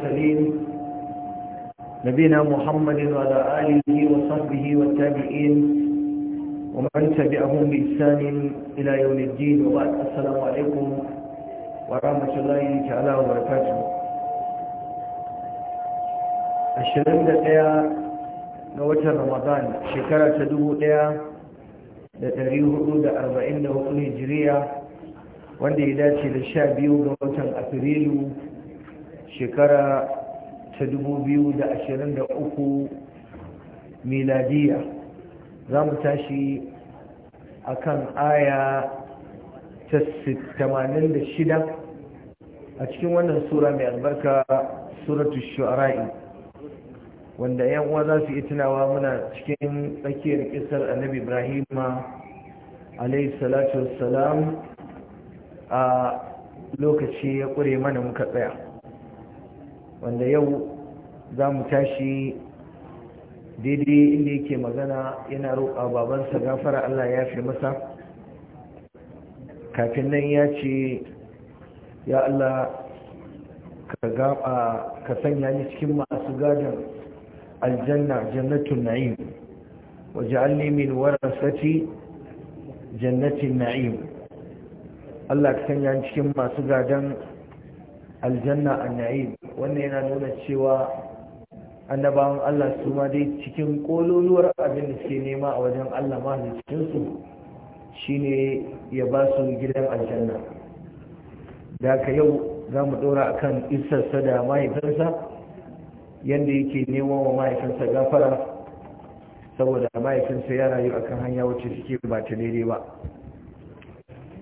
سليم نبينا محمد وعلى آله وصحبه والتابعين ومن تبعهم بإحسان إلى يوم الدين وبعد السلام عليكم ورحمة الله تعالى وبركاته الشرم ده ɗaya ga watan Ramadan shekara ta dubu ɗaya da ɗari hudu da arba'in da hudu Hijiriya wanda ya dace da sha biyu ga watan Afrilu shekara ta 2023 miladiya za mu tashi a kan aya ta shida a cikin wannan sura mai albarka suratu shu'ara'i wanda yan uwa za su yi tunawa muna cikin tsakiyar kisar annabi ibrahima alayhi salatu wassalam a lokaci ya ƙure mana muka tsaya wanda yau za mu tashi daidai inda yake magana yana roƙa babansa gafara Allah ya fi masa kafin nan ya ce ya Allah ka sanya ni cikin masu gadon aljanna jannatin na'im waje waj'alni min warasati jannatin na'im Allah ka sanya ni cikin masu gadon aljanna a naim wannan yana nuna cewa annabawan Allah su ma dai cikin kololuwar abin da suke nema a wajen Allah shi ne ya ba su gidan aljanna da ka yau za mu ɗora a kan isarsa da mahaifinsa yadda yake nema wa mahaifinsa gafara saboda mahaifinsa ya rayu akan hanya wacce suke ba ta daidai ba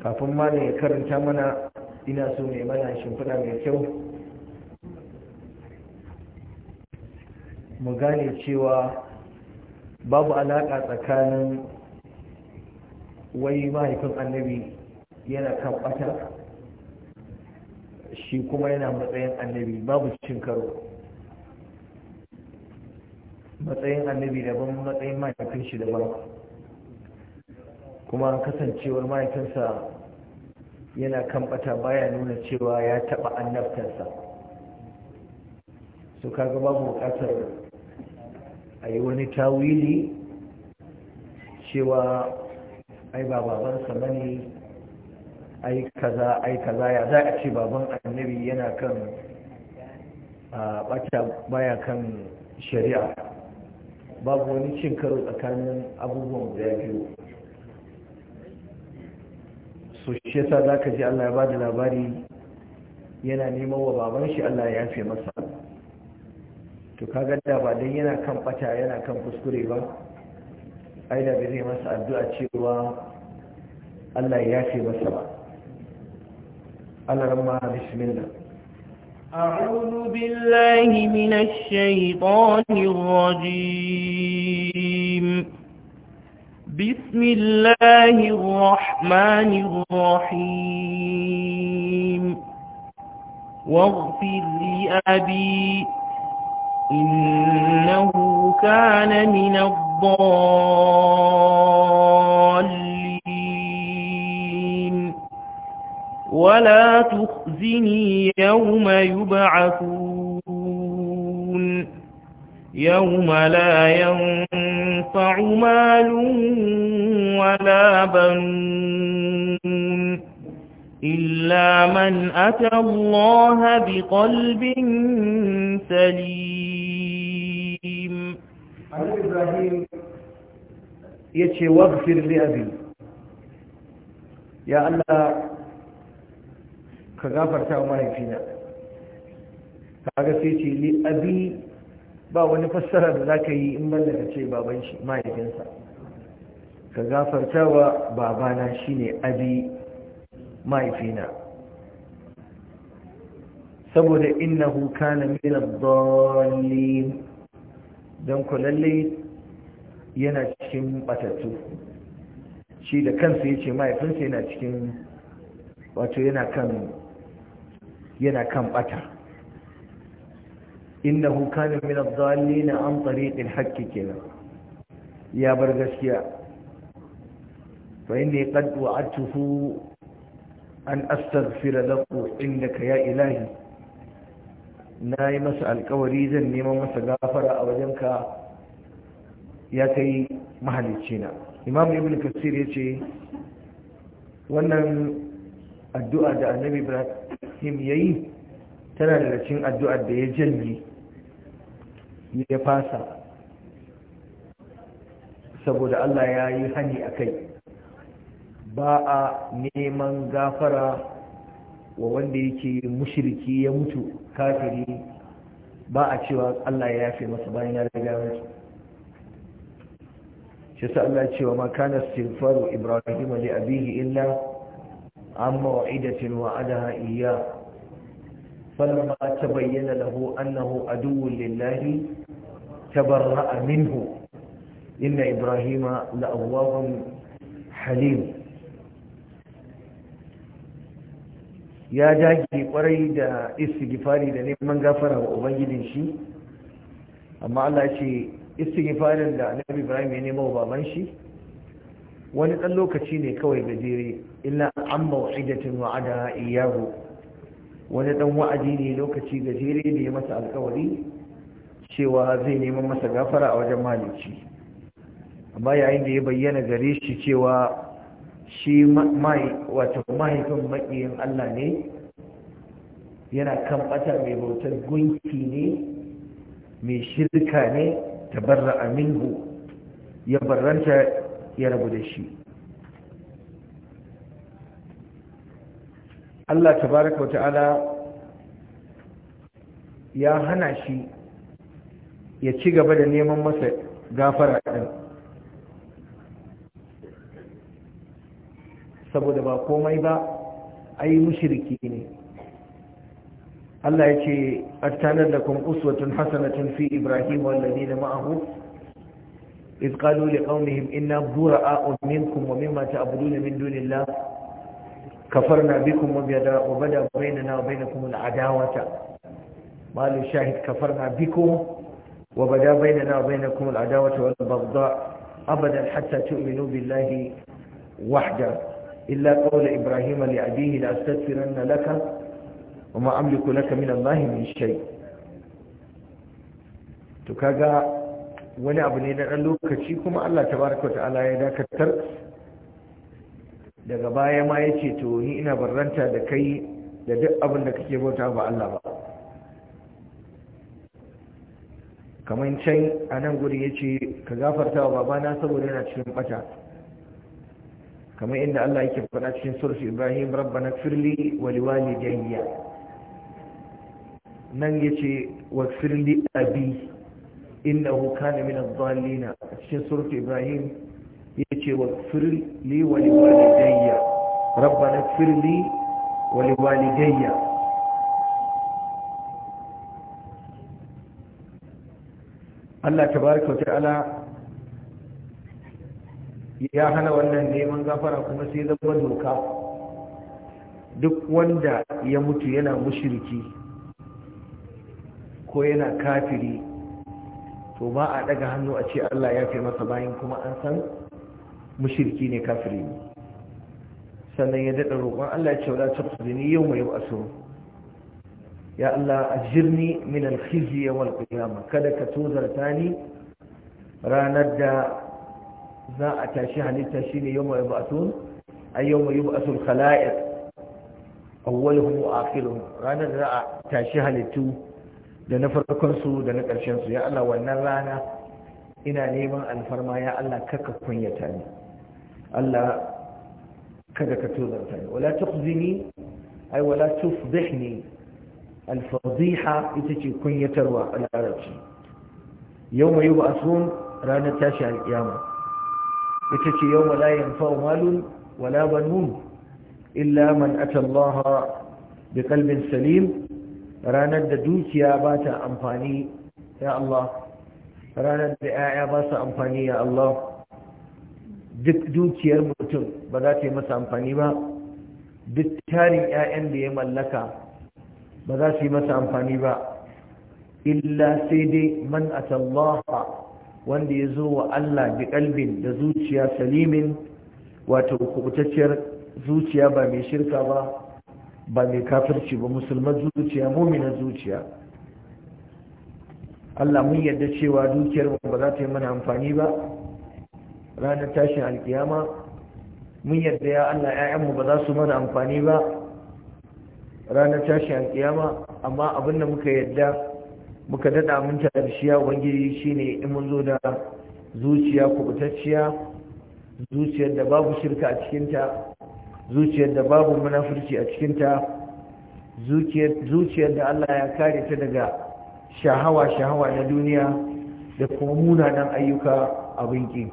kafin malam ya karanta mana ina so mai mana shimfiɗa mai kyau mu gane cewa babu alaƙa tsakanin wai mahaifin annabi yana kan ɓata shi kuma yana matsayin annabi babu cin karo matsayin annabi daban matsayin mahaifin shi daban kuma kasancewar mahaifinsa yana kan ɓata, baya nuna cewa ya taɓa annabtarsa su kaga babu buƙatar Ayi, wani tawili cewa ai ba babansa ba ne ai kaza ai kaza ya za a ce baban annabi yana kan bata baya kan shari'a babu wani cin karo tsakanin abubuwan guda biyu so shi yasa za ka ji allah ya ba da labari yana neman wa baban shi allah ya yafe masa to kaga da ba dan yana kan bata yana kan kuskure ba ai da zai masa addu'a cewa Allah ya ce masa ba Allah ramma bismillah أعوذ بالله من الشيطان الرجيم بسم الله الرحمن الرحيم واغفر لي لأبي إنه كان من الضالين ولا تخزني يوم يبعثون يوم لا ينفع مال ولا بنون إلا من أتى الله بقلب سليم علي إبراهيم يتشي واغفر لأبي يا الله كغافر تأمي فينا kaga sai ce li abi ba wani fassarar da zaka yi in mallaka ce baban shi mahaifinsa ka babana shine abi mahaifina saboda innahu kana min ad don dan yana cikin batattu shi da ya yace mahaifinsa yana cikin wato yana kan yana kan bata innahu kana min ad na an tariq al-haqq ya bar gaskiya fa inni qad wa'adtuhu an astaghfira lahu innaka ya ilahi na yi masa alƙawari, zan neman masa gafara a wajenka ya kai mahalicci na imam ibn kasir ya ce wannan addu'a da annabi ibrahim yayi tana da cikin addu'a da ya janye ya fasa saboda allah ya yi hani a kai ba a neman gafara wa wanda yake mushiriki ya mutu kafiri ba a cewa Allah ya yafe masa bayan ya riga mutu shi sa Allah cewa ma kana istighfaru ibrahim li abihi illa an mawa'idatin wa'adaha iya فلما تبين له أنه عدو لله تبرأ منه إن إبراهيم لأواه Halim. ya dage kwarai da istighfari da neman gafara wa ubangijin shi amma Allah ce istighfarin da annabi Ibrahim ya nema baban shi wani dan lokaci ne kawai gajere illa an maw'idatin wa'ada iyahu wani dan wa'adi ne lokaci gajere da ya masa alƙawari. cewa zai neman masa gafara a wajen malici amma yayin da ya bayyana gare shi cewa shi wato mahaifin maƙiyin Allah ne yana kan ɓata mai bautar gunki ne mai shirka ne ta barra Aminu, ya barranta ya rabu da shi Allah tabaraka wata'ala ya hana shi ya ci gaba da neman masa gafara saboda ba komai ba ai mushriki ne Allah ya ce attanar da kun uswatun hasanatun fi ibrahim wallazi da ma'ahu iz qalu liqaumihim inna bura'a'u minkum wa mimma ta'buduna min dunillah kafarna bikum wa bada wa bada bainana wa bainakum al'adawata malu shahid kafarna bikum wa bada bainana wa bainakum al'adawata wal baghdha abadan hatta tu'minu billahi wahdahu إلا قول إبراهيم لأبيه أستغفرن لك وما أملك لك من الله من شيء تكاغا wani abu ne na ɗan lokaci kuma Allah ta baraka wa ta'ala ya dakatar daga baya ma ya ce to ni ina barranta da kai da duk abin da kake bauta ba Allah ba kamar can a nan guri ya ce ka gafarta wa babana saboda yana cikin bata kamar inda Allah yake faɗa cikin surfi Ibrahim rabbana firli wali liwalidayya nan yace wa firli abi innahu kana min ad-dallin cikin surfi Ibrahim yace wa firli wa liwalidayya rabbana firli wa liwalidayya Allah tabaaraka wa ta'ala ya hana wannan neman gafara kuma sai zama doka duk wanda ya mutu yana mushiriki ko yana kafiri to ba a daga hannu a ce Allah ya fi masa bayan kuma an san mushiriki ne kafiri ne sannan ya daɗa roƙon Allah ya ce wala ni yau mai aso ya Allah a jirni min alkhizyi yawm kada ka tozarta ni ranar da za a tashi halitta shine yawma yub'athun ay yawma yub'athul khalaiq awwaluhum wa akhiruhum ranar da za a tashi halittu da na farkon da na ƙarshensu, ya Allah wannan rana ina neman alfarma ya Allah kaka kunyata ni Allah kada ka tozarta ni wala tukhzini ay wala tufdihni alfadiha ita ce kunyatarwa a larabci yau mai yi ba a ranar tashi alƙiyama ita ce yau wala yanfa malun wala banun illa man atallaha bi qalbin salim ranar da dukiya ba ta amfani ya Allah ranar da 'ya'ya ba su amfani ya Allah duk dukiyar mutum ba za ta yi masa amfani ba duk tarin 'ya'yan da ya mallaka ba za su yi masa amfani ba illa sai dai man atallaha wanda ya zo wa Allah bi kalbin da zuciya salimin wato kubutacciyar zuciya ba mai shirka ba ba mai kafirci ba musulman zuciya muminan zuciya Allah mun yadda cewa dukiyar ba za ta yi mana amfani ba ranar tashin alkiyama mun yadda ya Allah 'ya'yanmu ba za su mana amfani ba ranar tashin alkiyama amma abin da muka yadda. muka dada mun tarshiya ubangiji shine in mun zo da zuciya kubutacciya zuciyar da babu shirka a cikinta zuciyar da babu munafurci a cikinta zuciyar da Allah ya kare ta daga shahawa shahawa na duniya da kuma munanan ayyuka a binki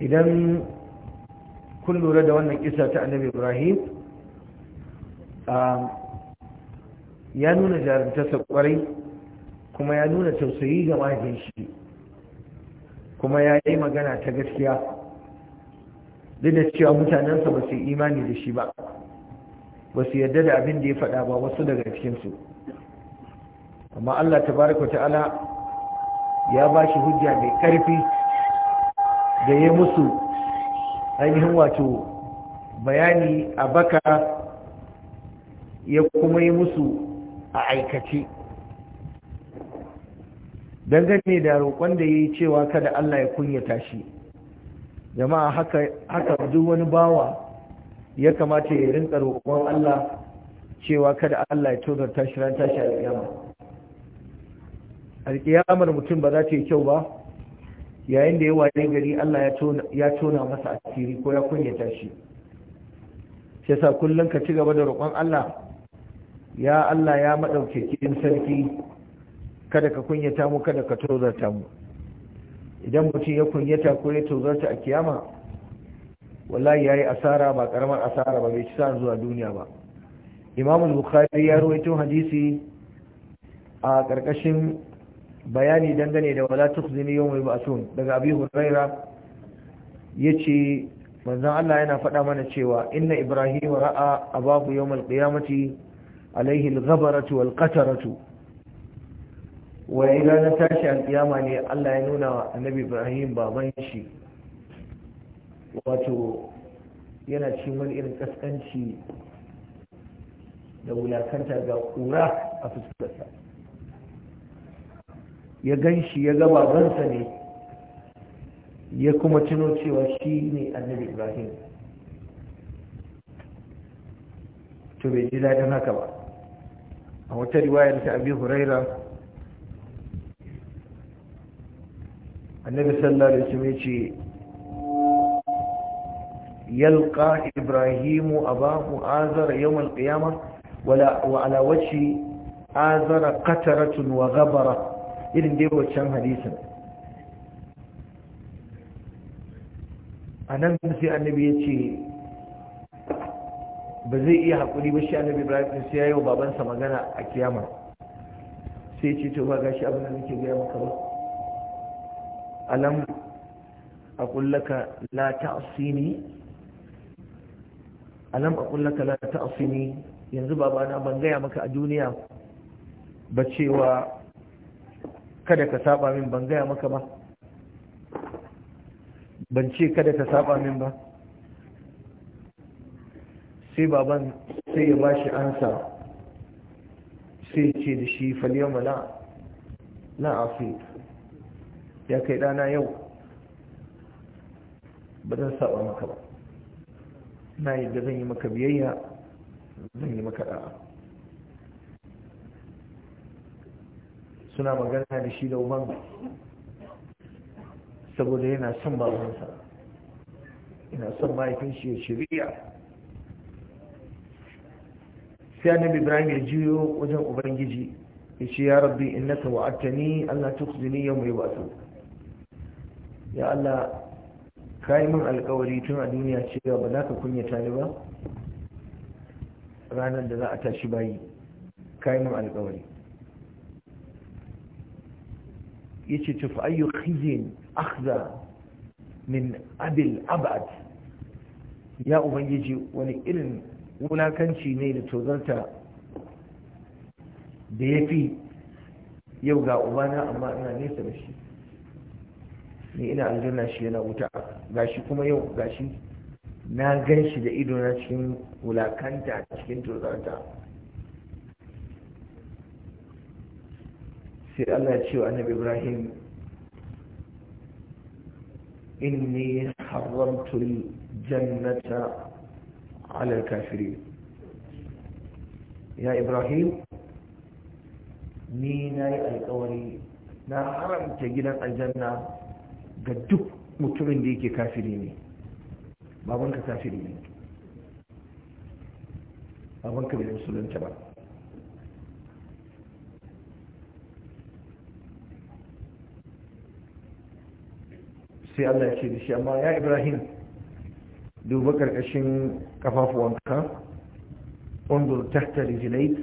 idan kun lura da wannan kisa ta annabi ibrahim ah, ya nuna jarumtarsa kwarai kuma ya nuna tausayi ga mahaifin kuma ya yi magana ta gaskiya duk da cewa mutanensa ba su imani da shi ba ba su yarda da abin da ya faɗa ba wasu daga cikinsu amma allah tabaraka ta'ala ya ba shi hujja mai ƙarfi da ya musu ainihin wato bayani a baka ya kuma yi musu a aikace dangane da roƙon da ya yi cewa kada Allah ya kunyata shi jama'a haka haka duk wani bawa ya kamata ya rinka roƙon Allah cewa kada Allah ya tozar tashi ran tashi alƙiyama alƙiyamar mutum ba za ta yi kyau ba yayin da ya waye gari Allah ya tona masa asiri ko ya kunyata shi shi sa kullum ka ci gaba da roƙon Allah ya Allah ya maɗauke maɗaukakin sarki kada ka kunyata mu kada ka tozarta mu idan mutum ya kunyata ko ya tozarta a kiyama wallahi yayi asara ba karamar asara ba bai ci sa zuwa duniya ba imam bukhari ya rawaito hadisi a karkashin bayani dangane da wala tukhzini mai ba'sun daga abi huraira yace manzon Allah yana faɗa mana cewa inna ibrahim ra'a abahu yawmal qiyamati alaihi al-ghabaratu wal qataratu wa tashi al ne Allah ya nuna wa annabi Ibrahim baban shi wato yana cikin wani da wulakanta ga kura a fuskarsa ya ganshi shi ya ga babansa ne ya kuma tuno cewa shi ne annabi ibrahim to bai ji daɗin haka ba a wata riwayar ta abi huraira annabi sallallahu alaihi wasallam yace yalqa ibrahimu abahu azar yawm alqiyamah wala wa ala wajhi azara qataratun wa ghabara irin dai wancan hadisin anan sai annabi yace ba zai iya haƙuri ba shi annabi ibrahim din sai yi wa babansa magana a kiyama sai ce to ba gashi abin da nake gaya maka ba alam aqul laka la ta'sini alam aqul laka la ta'sini yanzu babana ban gaya maka a duniya ba cewa kada ka saba min ban gaya maka ba ban ce kada ka saba min ba sai baban sai ya ba shi ansa sai ce da shi falyama na afi ya kai dana yau ba zan saba maka ba na yadda zan yi maka biyayya zan yi maka da'a suna magana da shi da uban saboda yana son babansa yana son mahaifin shi ya shirya sai annabi ibrahim ya jiyo wajen ubangiji ya ce ya rabbi innaka wa'adtani allah yau mai yub'athu ya allah yi min alkawari tun a duniya cewa ba za ka kunyata ni ba ranar da za a tashi bayi yi min alkawari yace tufa ayyu khizin akhza min abil abad ya ubangiji wani irin wulakanci ne da tozarta da ya fi yau ga ubana amma ina nesa da shi ne ina aljanna shi yana wuta gashi kuma yau gashi na gan shi da na cikin wulakanta cikin tozarta sai Allah ya ce wa annabi Ibrahim inni haramtu jannata على الكافرين يا إبراهيم نيناي القوري na haramta gidan aljanna ga duk mutumin da yake kafiri ne babanka kafiri ne babanka bai musulunta ba sai Allah ya ce da shi amma ya Ibrahim duba karkashin kafafuwanka undur tahta rijlayk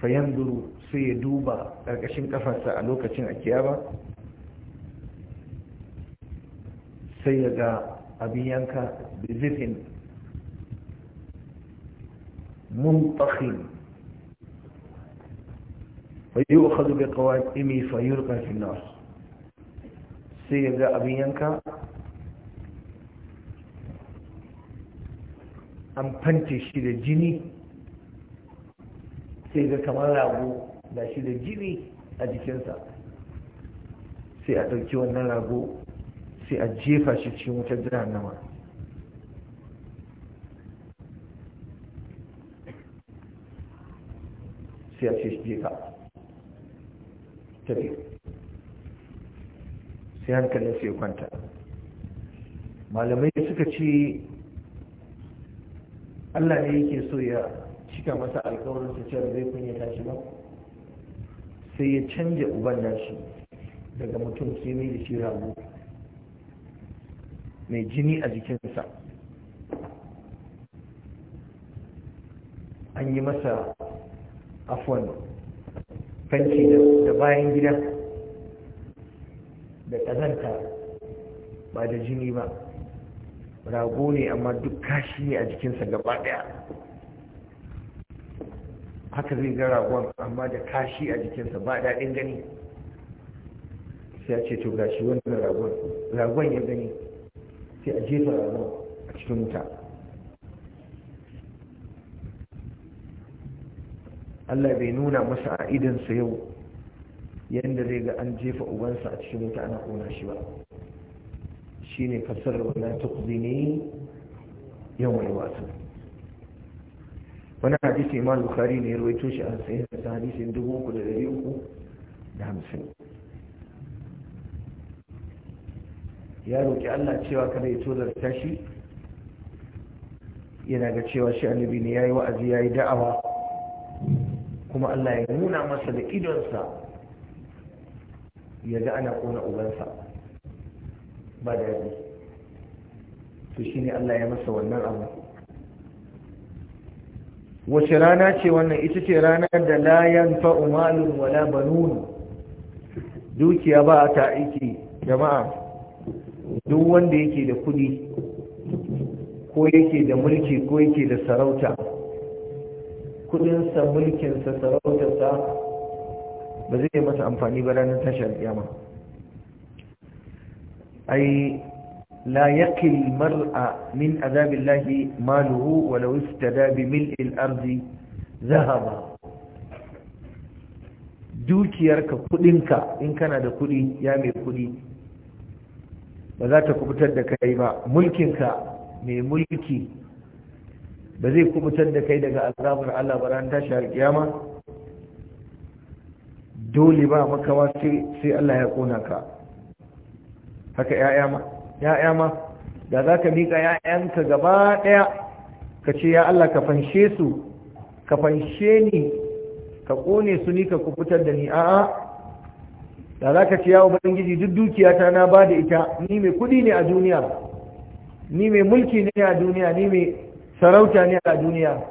fayanzuru sai ya duba karkashin kafarsa a lokacin akiyaba sai ya ga abin yanka bizifin muntakhin fayyukhadhu biqawatimi fayurqa fi an-nar sai ya ga abin yanka an fante shi da jini sai ga kamar rago da shi da jini a jikinsa sai a ɗauki wannan rago sai a jefa shi cikin wutar jihannama sai a ce shi jefa tafi sai hankali su ya kwanta malamai suka ce Allah ne yake so ya cika masa alkawarin cewa zai kunya tashi ba sai ya canja uban nashi daga mutum kimi mai da shi rago mai jini a jikinsa an yi masa afon fanki da bayan gida da ƙazanta ba da jini ba rago ne amma duk kashi ne a jikinsa gaba ɗaya haka zai ga ragon amma da kashi a jikinsa ba daɗin gani sai ce to gashi wannan ragon ragon ya gani sai a jefa ragon a cikin wuta Allah bai nuna masa a idansa yau Yanda zai ga an jefa ubansa a cikin wuta ana kona shi ba shi ne kuzi ne yau mai wasu wani hadisi ma bukhari ne ya rawaito shi a dubu uku da dari uku da hamsin. ya roƙi Allah cewa kada ya tozarta shi yana ga cewa shi annabi ne yi wa'azi ya yi da'awa kuma Allah ya nuna masa da idonsa ya ga ana kona ubansa ba da yadda to ne Allah ya masa wannan abu wace rana ce wannan ita ce ranar da la yanfa'u malun wala banun dukiya ba a ta aiki jama'a duk wanda yake da kudi ko yake da mulki ko yake da sarauta kudinsa mulkinsa sarautarsa ba zai masa amfani ba ranar tashi alƙiyama ai la yaqil mar'a min azabillahi maluhu wa law istada bi mil'il ardi zahaba dukiyarka kudinka in kana da kudi ya mai kudi ba za ta kubutar da kai ba mulkinka mai mulki ba zai kubutar da kai daga azabar Allah ba ranar tashi alƙiyama dole ba makawa sai Allah ya kona ka haka ya'ya ma ya'ya ma da za ka miƙa ya'yanka gaba ɗaya ka ce ya Allah ka fanshe su ka fanshe ni ka ƙone su ni ka kufutar da ni a'a da za ka ce ya ubangiji duk dukiyata na ba da ita ni mai kuɗi ne a duniya ni mai mulki ne a duniya ni mai sarauta ne a duniya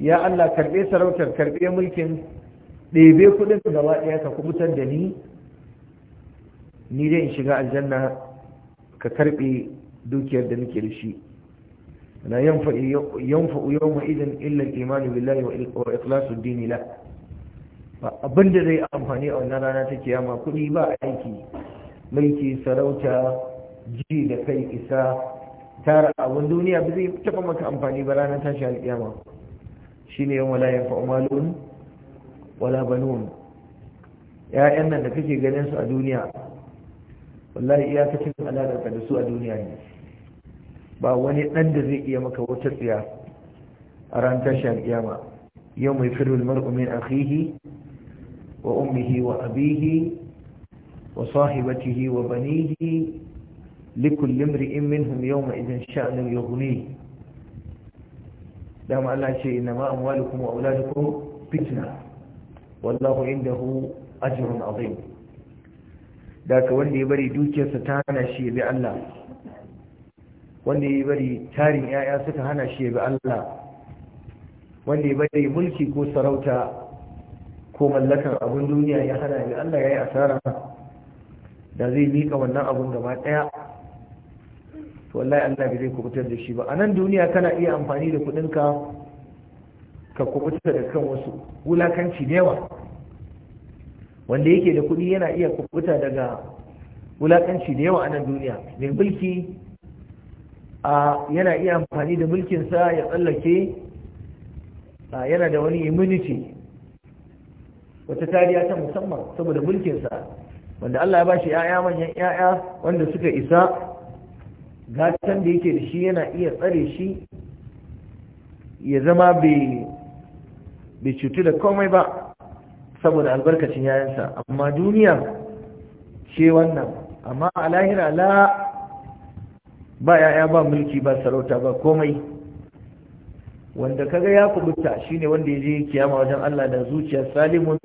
ya Allah karɓe sarautar karɓe mulkin ɗebe kuɗin gaba ɗaya ka kubutar da ni ni zai shiga aljanna ka karɓe dukiyar da nake da shi na yanfa'u yawma idan illar al-iman billahi wa ikhlasu dini la abin da zai amfani a wannan rana ta kiyama kuɗi ba aiki mulki sarauta ji da kai isa tara abin duniya ba zai taɓa maka amfani ba rana ta tashi alƙiyama Shi ne yawan la yanfa'u malun wala banun ƴaƴan nan da kake ganin su a duniya wallahi iyakacin alaƙarka da su a duniya ne ba wani ɗan da zai iya maka wata tsiya a ran tashar kiyama yau mai firul mar'u min akhihi wa ummihi wa abihi wa sahibatihi wa banihi likulli imri'in minhum yawma idhin sha'nu yughni dama Allah ce inna ma amwalukum wa auladukum fitna والله عنده أجر عظيم da ka wanda ya bari dukiyarsa ta hana shi ya bi Allah wanda ya bari tarin yaya suka hana shi ya bi Allah wanda ya bari mulki ko sarauta ko mallakar abun duniya ya hana asara da zai miƙa wannan abun gaba to wallahi Allah bai zai kubutar da shi ba a nan duniya kana iya amfani da kuɗinka? ka kubuta da kan wasu wulakanci da yawa wanda yake da kuɗi yana iya kubuta daga wulakanci da yawa a nan duniya mai mulki a yana iya amfani da mulkinsa ya tsallake yana da wani immunity wata kariya ta musamman saboda mulkinsa wanda Allah ya ba shi ‘ya'ya manyan ‘ya'ya wanda suka isa gatan da yake da shi yana iya tsare shi ya zama bai bai cutu da komai ba saboda albarkacin yayansa amma duniya ce wannan amma a lahira la ba yaya ba mulki ba sarauta ba komai wanda kaga ya kubuta shine wanda yaje kiyama wajen Allah da zuciyar salimun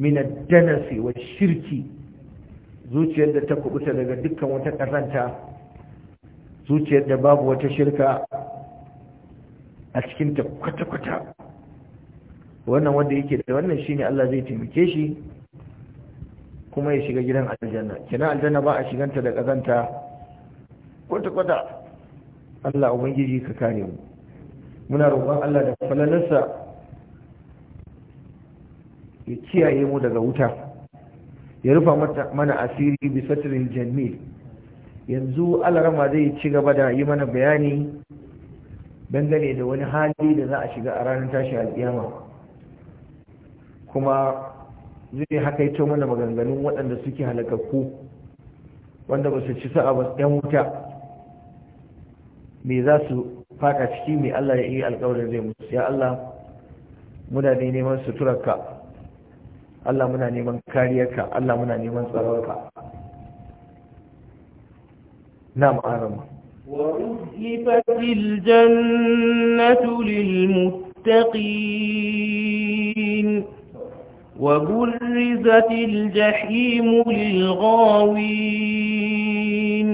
min ad-danasi wa shirki zuciyar da ta kubuta daga dukkan wata karanta zuciyar da babu wata shirka a cikin ta kwata-kwata wannan wanda yake da wannan shine Allah zai taimake shi kuma ya shiga gidan aljanna kina aljanna ba a shiganta da kazanta kwata-kwata Allah ubangiji ka kare mu muna roƙon Allah da falalarsa ya kiyaye mu daga wuta ya rufa mana asiri satrin jamil yanzu alarama zai ci gaba da yi mana bayani dangane da wani hali da za a shiga a ranar tashi al'iyama kuma zai hakaito mana maganganun waɗanda suke halakakku wanda ba su ci sa'a ba ɗan wuta me za su faka ciki mai Allah ya yi alƙawarin zai musu ya Allah muna ne neman suturarka Allah muna neman kariyarka Allah muna neman tsararka na ma'arama وَأُزْلِفَتِ الْجَنَّةُ لِلْمُتَّقِينَ وبرزت الجحيم للغاوين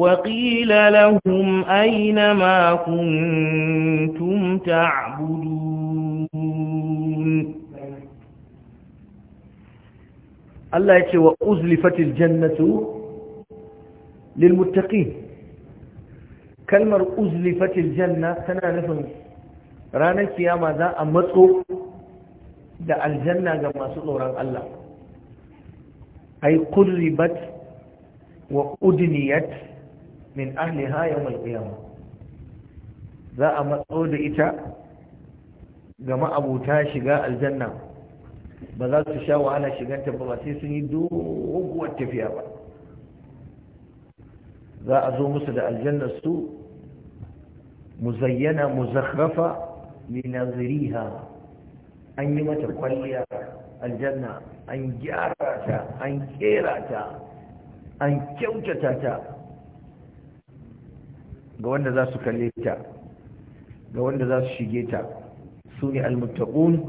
وقيل لهم أين ما كنتم تعبدون الله يتشي وأزلفت الجنة للمتقين كلمة أزلفت الجنة سنة نفن رانا السيامة ذا أمتقوا da aljanna ga masu tsoron Allah ai qurribat wa udniyat min ahliha yawm al-qiyamah za a matso da ita ga ma'abuta shiga aljanna ba za su sha wahala shiganta ba sai sun yi doguwar tafiya ba za a zo musu da aljannar su muzayyana muzakhrafa li naziriha an yi mata kwalliya aljanna an gyara ta an kera ta an kyautata ta ga wanda za su kalle ta ga wanda za su shige ta su ne almuttaqun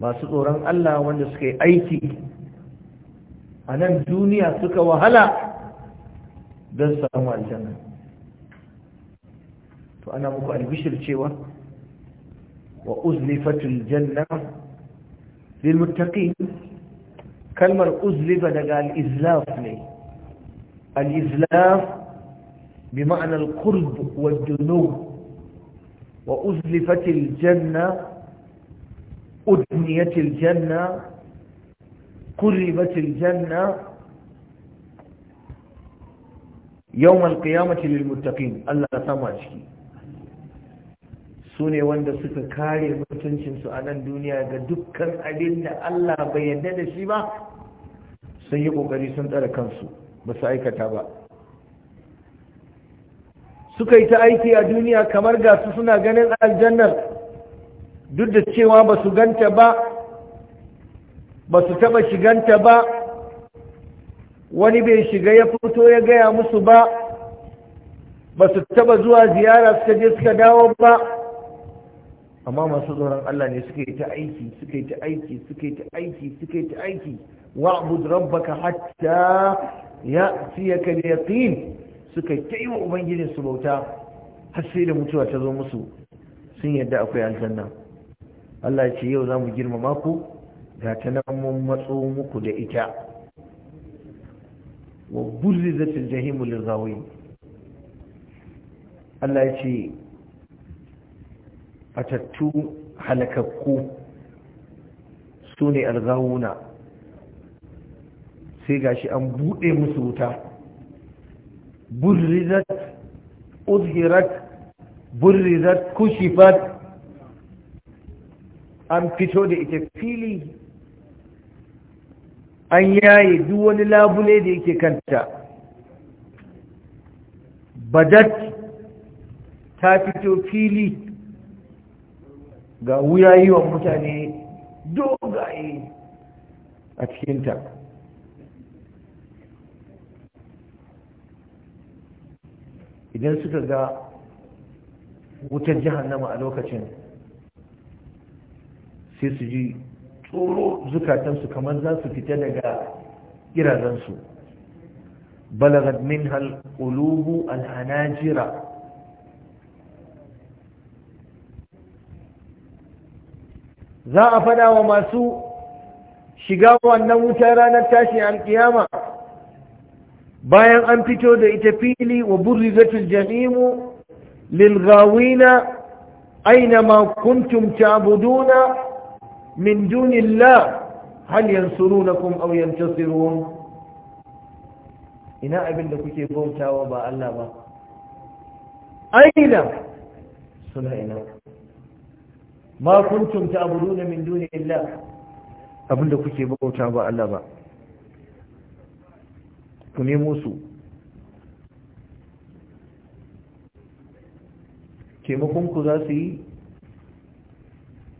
masu tsoron Allah wanda suka yi aiki a nan duniya suka wahala don samu aljanna to ana muku albishir cewa وأزلفت الجنة للمتقين كلمة أزلف قال إزلاف لي الإزلاف بمعنى القرب والجنوب وأزلفت الجنة أدنيت الجنة قربت الجنة يوم القيامة للمتقين الله تعالى su ne wanda suka kare mutuncinsu a nan duniya ga dukkan abin da Allah bai yadda da shi ba sun yi kokari sun tsara kansu ba su aikata ba suka yi ta aiki a duniya kamar ga su suna ganin aljannar duk da cewa ba su ganta ba ba su taba shiganta ba wani bai shiga ya fito ya gaya musu ba ba su taba zuwa ziyara suka je suka dawo ba amma masu tsoron Allah ne suka yi ta aiki suka yi ta aiki suka yi ta aiki suka yi ta aiki Wa rabbaka hatta ya'tiyaka al-yaqin suka ta yi wa ubangijin su bauta har sai da mutuwa ta zo musu sun yadda akwai aljanna Allah ya ce yau za mu girmama ku ga ta nan mun matso muku da ita wa burrizatil jahimu lirzawi Allah ya ce fatattu halakakku su ne algawuna sai gashi an buɗe musu wuta burrizat uzhirat burrizat kushifat an fito da ita fili an yaye duk wani labule da yake kanta badat ta fito fili ga wuya yi wa mutane dogaye a cikinta idan suka ga wutar nama a lokacin sai su ji tsoro zukatansu kamar za su fita daga irazansu balagad min hal al alhanajira za a fada wa masu shiga wannan wutar ranar tashi alkiyama bayan an fito da ita fili wa burrizatul jahimu lilgawina. aina ma kuntum ta'buduna min dunillah hal yansurunakum aw yantasirun ina abin da kuke bautawa ba Allah ba aina suna ina ma kuntum ta'buduna min dunillah abinda kuke bauta ba Allah ba ku nemo su Taimakonku ku za su yi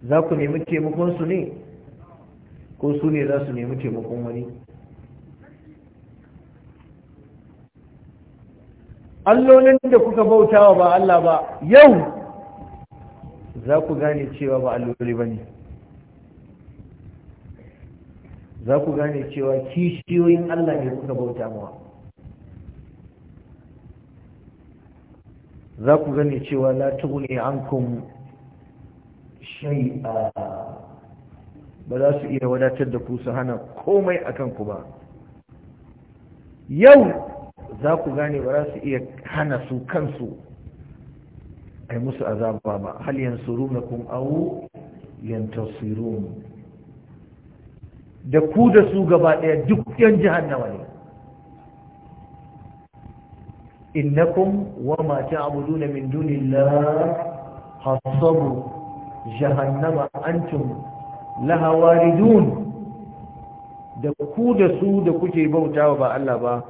za ku nemi taimakon su ne ko su ne za su nemi taimakon wani allolin da kuka bautawa ba Allah ba yau za ku gane cewa ba alloli ba ne za ku gane cewa kishiyoyin Allah ne kuka bauta mawa za ku gane cewa an tughni shai a ba za su iya wadatar da ku su hana komai a kanku ba yau za ku gane ba za su iya hana su kansu a yi musu azaba ba hal yansurunakum aw yantasirun da ku da su gaba ɗaya duk yan jahannama ne innakum wa ma ta'buduna min dunillah hasabu jahannama antum laha waridun da ku da su da kuke bautawa ba Allah ba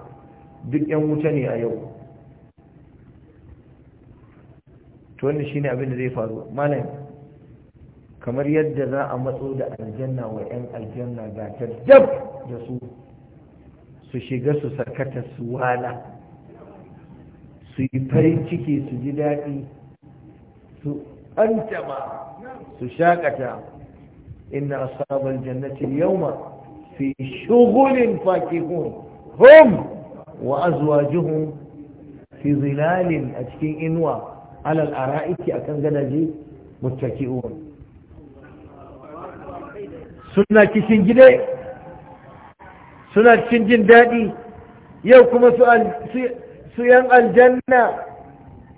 duk yan wuta ne a yau to wannan shine abin da zai faru malam kamar yadda za a matso da aljanna wa 'yan aljanna ga ta dab da su su shiga su sakata su wala su yi farin ciki su ji daɗi su ɓantama su shakata inna ashabal jannati yawma fi shughulin fakihun hum wa azwajuhum fi zilalin a cikin inuwa alal ara'iki akan gadaje muttaki'un suna cikin gide suna cikin jin daɗi yau kuma su yan aljanna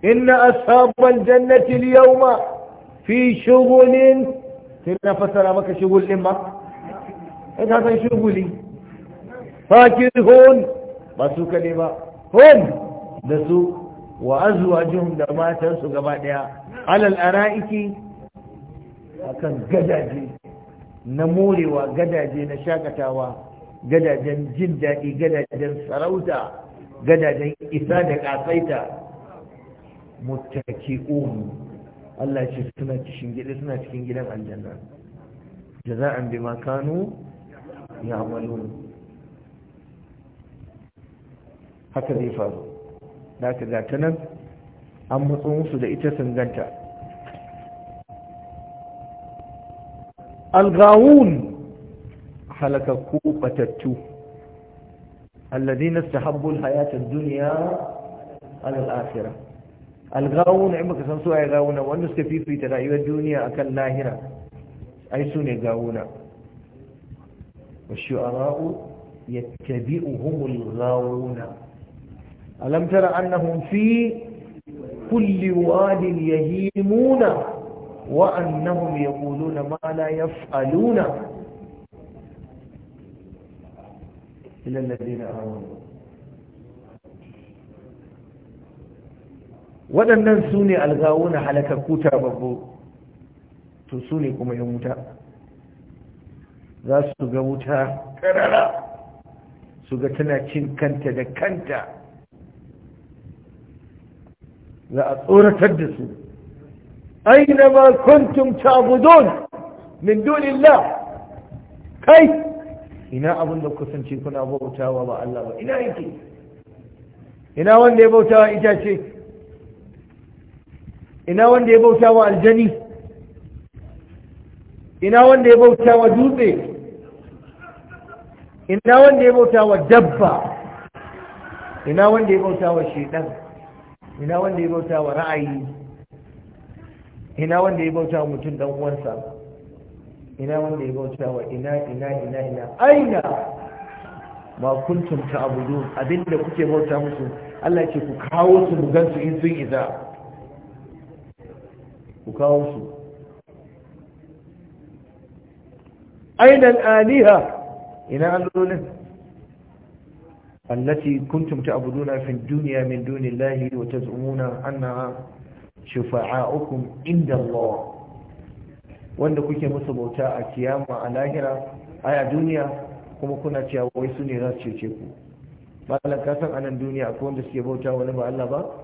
inna ashabal jannati al-yawma fi shughulin sai na fassara maka shughul din ba ai ka san shughuli fakihun ba su kade ba hum da su wa azwajuhum da matan su gaba daya alal ara'iki akan gadaje na morewa gadaje na shakatawa gadajen jin daɗi gadajen sarauta gadajen isa da ƙasaita muttaki'un Allah ce suna cikin gida suna cikin gidan aljanna jaza'an bima kanu ya'malun haka zai faru da ta gata nan an matso musu da ita sun ganta algawun halakakku batattu alladhina istahabbu alhayata ad-dunya ala al-akhirah algawun in baka san su a ai gawuna wanda suka fifita rayuwar duniya a kan lahira ai su ne gawuna ya والشعراء يتبعهم Gawuna. alam tara annahum fi kulli wadin yahimuna wa annahum yaquluna ma la yaf'aluna ila alladhina amanu waɗannan su ne algawuna halakakku babbo to su ne kuma yan wuta za su ga wuta ƙarara su ga tana cin kanta da kanta za a tsoratar da su aina ma kuntum ta'budun min dunillah kai ina abin da kusance kuna bautawa ba Allah ba ina yake ina wanda ya bautawa itace ina wanda ya bautawa aljani ina wanda ya bautawa dutse ina wanda ya bautawa dabba ina wanda ya bautawa shedan ina wanda ya bauta wa ra'ayi ina wanda ya bauta wa mutum dan uwansa ina wanda ya bauta wa ina ina ina ina aina ma kuntum ta'budun abinda kuke bauta musu Allah ce ku kawo su gan su in sun isa ku kawo su aina al-aliha ina allolin التي كنتم تعبدون في الدنيا من دون الله وتزعمون أنها شفعاؤكم عند الله وأن كنت مصبوتا أكيام على هرا آية دنيا kuma kuna cewa wai su ne za su cece ku malam ka san anan duniya akwai wanda suke bauta wani ba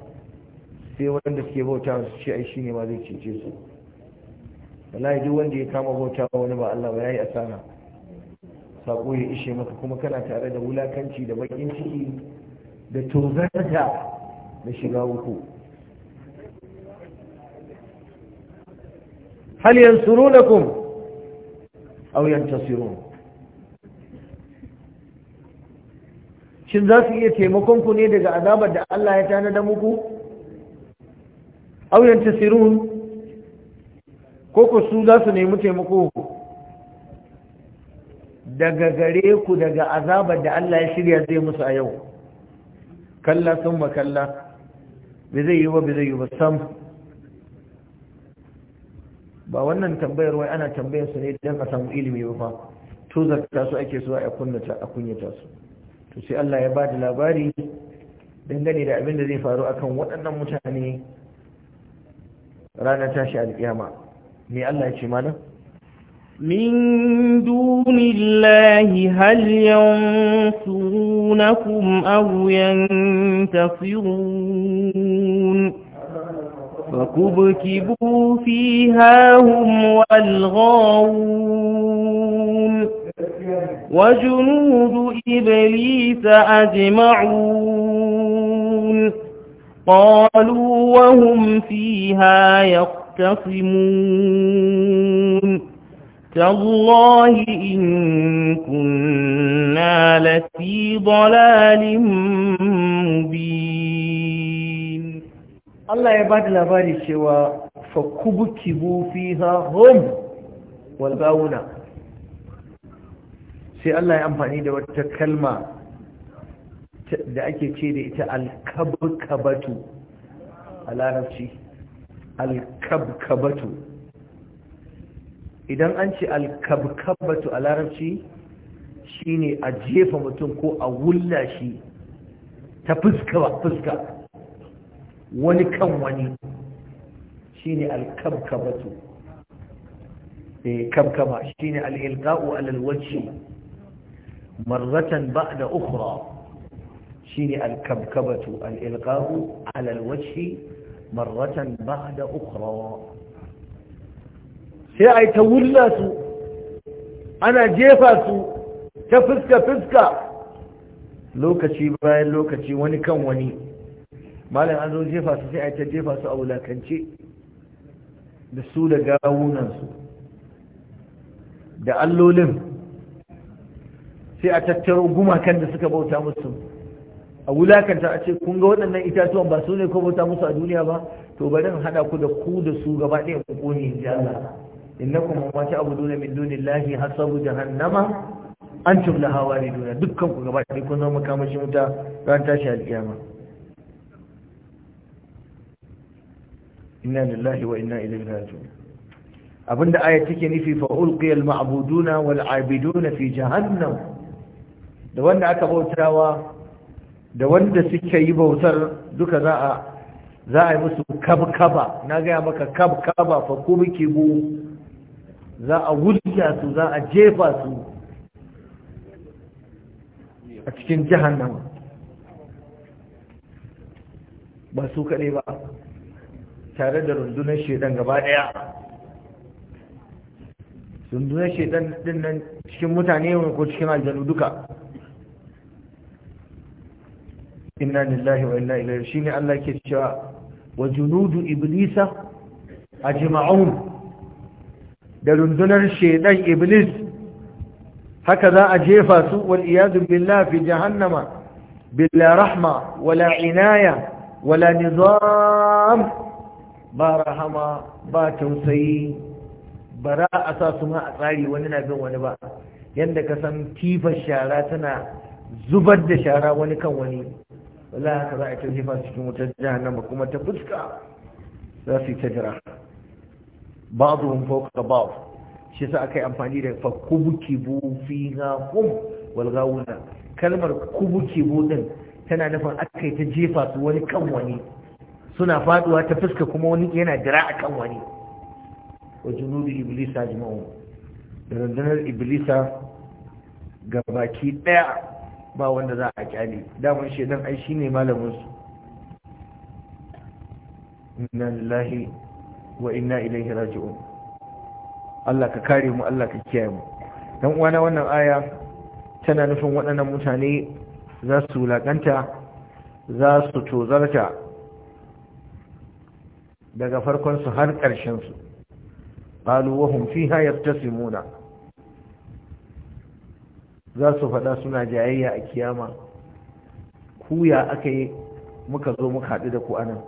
sai wanda suke bauta su ce ai shine ma zai cece su wallahi duk wanda ya kama bauta wani ba Allah ba yayi asara sako ya ishe maka kuma kana tare da wulakanci da bakin ciki da tozarta da shiga uku hal yansurunakum aw yantasirun shin za su iya taimakon ku ne daga azabar da Allah ya tanada muku aw yantasirun ko ku su za su nemi taimako daga gare ku daga azabar da Allah ya shirya zai musu a yau kalla sun ba kalla zai yi ba bi zai yi ba ba wannan tambayar wai ana tambayar su ne don a samu ilimi ba to zarta su ake so a kunnata a kunyata su to sai Allah ya ba da labari dangane da abin da zai faru akan waɗannan mutane ranar tashi alƙiyama me Allah ya ce malam من دون الله هل ينصرونكم أو ينتصرون فكبكبوا فيها هم والغاوون وجنود إبليس أجمعون قالوا وهم فيها يختصمون تالله إن كنا لفي ضلال مبين الله يبعد لباري شوى فكبكبوا فيها هم والباونا sai Allah ya amfani da wata kalma da ake ce da ita alkabkabatu a larabci alkabkabatu idan an ce alkabkabatu a larabci ne a jefa mutum ko a wulla shi ta fuska ba fuska wani kan wani shine alkabkabatu eh kabkama shine alilqa'u ala alwajhi marratan ba'da ukhra shine alkabkabatu alilqa'u ala alwajhi marratan ba'da ukhra sai a yi ta wulla su ana jefa su ta fuska-fuska lokaci bayan lokaci wani kan wani malam an zo jefa su sai a yi ta jefa su a wulakance da su da gawunansu da allolin sai a tattaro gumakan da suka bauta musu a wulakanta a ce kun ga waɗannan itatuwan ba su ne ko bauta musu a duniya ba to bari in haɗa ku da ku da su gaba ɗaya ku ƙone in Allah innakum ma ta'buduna min dunillahi hasabu jahannama antum laha wariduna dukkan ku gaba ɗaya kun zama makamashin wuta ran tashi alkiyama inna lillahi wa inna ilaihi raji'un abinda aya take nufi fa ulqiya al-ma'buduna wal 'abiduna fi jahannam da wanda aka bautawa da wanda suke yi bautar duka za a za a yi musu kabkaba na gaya maka kabkaba fa kubkibu za a wulga su za a jefa su a cikin jahannama ba su kaɗai ba tare da rundunar shaidan gaba ɗaya rundunar shaidan ɗin nan cikin mutane ko cikin aljanu duka inna lillahi wa inna ilaihi shine Allah ke cewa wa junudu iblisa ajma'un da rundunar shaidan iblis haka za a jefa su wal iyadu jahannama bila wala inaya wala nizam ba rahama ba tausayi ba ra a sa su ma a tsari wani na bin wani ba yadda ka san kifar shara tana zubar da shara wani kan wani wala haka za a ta jefa cikin wutar jahannama kuma ta fuska za su yi ta jira ba'dhum fawqa ba'd shi yasa akai amfani da fa kubukibu hum wal kalmar kubukibu din tana nufin akai ta jefa su wani kan wani suna faduwa ta fuska kuma wani yana dira a kan wani wa junubi iblisa jama'u da rundunar iblisa ga baki daya ba wanda za a kyale damar shaidan ai shine malamin su inna lillahi wa inna ilaihi raji'un Allah ka kare mu Allah ka kiyaye mu dan uwana wannan aya tana nufin waɗannan mutane za su wulaƙanta za su tozarta daga farkon su har ƙarshen su qalu wa hum fiha za su faɗa suna jayayya a kiyama ku ya aka yi muka zo muka haɗu da ku anan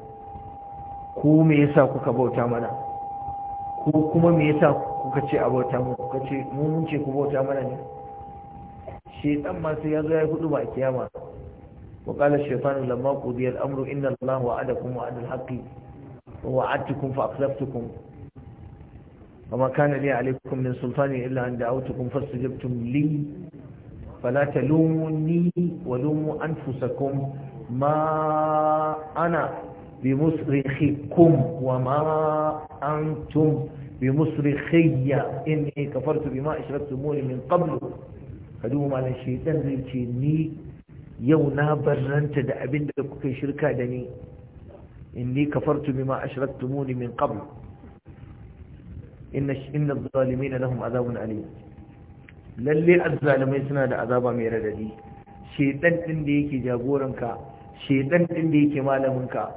ko me yasa kuka bauta mana ko kuma me yasa kuka ce a bauta mu kuka ce mu mun ce ku bauta mana ne shaitan ma sai ya zo ya hudu ba a kiyama wa qala shaytanu lamma qudiya al-amru inna allaha wa'adakum wa'ada al-haqqi wa wa'adtukum fa akhlaftukum وما كان لي عليكم من سلطان إلا أن دعوتكم فاستجبتم لي فلا wa ولوموا أنفسكم ما أنا bi musrikhikum wa ma antum bi musrikhiyya inni kafartu bima ashraktumuni min qablu kadu malan shaytan zai ce ni yau na barranta da abin da kuka shirka da ni inni kafartu bima ashraktumuni min qablu inna inna adh-dhalimina lahum adhabun alim lalle azzalimai suna da azaba mai radadi shedan din da jagoranka shedan din da yake malaminka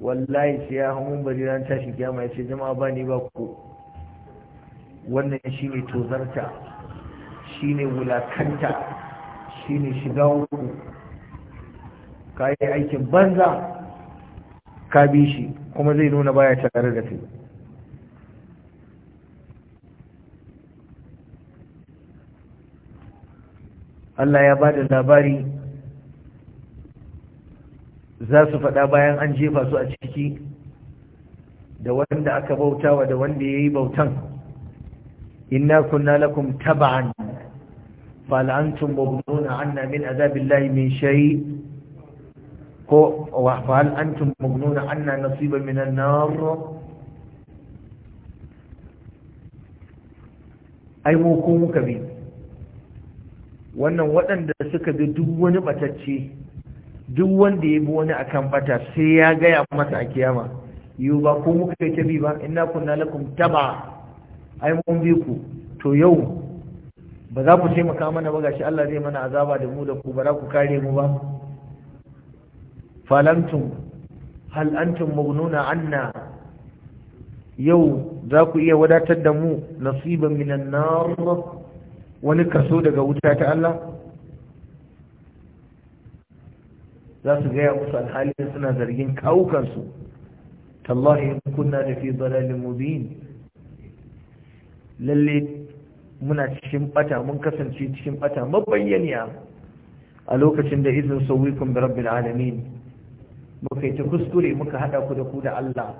wallahi sai ya hamun bari ran tashin kiyama ya ce jama'a ba ni ba ku wannan ne tozarta ne wulakanta ne shiga uku ka yi aikin banza ka bi shi kuma zai nuna baya tare da kai Allah ya ba da labari za su faɗa bayan an jefa su a ciki da wanda aka bautawa da wanda ya yi bautan inna kunna lakum taba'an fal'antum mabnuna anna min azabillahi min shay ko wa fal'antum mabnuna anna nasiban min an-nar ai mu ko muka bi wannan waɗanda suka bi duk wani batacce duk wanda ya bi wani akan bata sai ya gaya masa a kiyama yau ba ko muka kai bi ba ina kunna lakum taba ai mun bi ku to yau ba za ku taimaka mana ba gashi Allah zai mana azaba da mu da ku ba za ku kare mu ba falantum hal antum mughnuna anna yau za ku iya wadatar da mu nasiban minan nar wani kaso daga wuta ta Allah za su gaya musu alhalin suna zargin kawukansu tallahi kunna da fi dalalin mubin lalle muna cikin bata mun kasance cikin bata mabayyani a lokacin da izin sauwikum da rabbil alamin muka yi ta kuskure muka hada ku da ku da Allah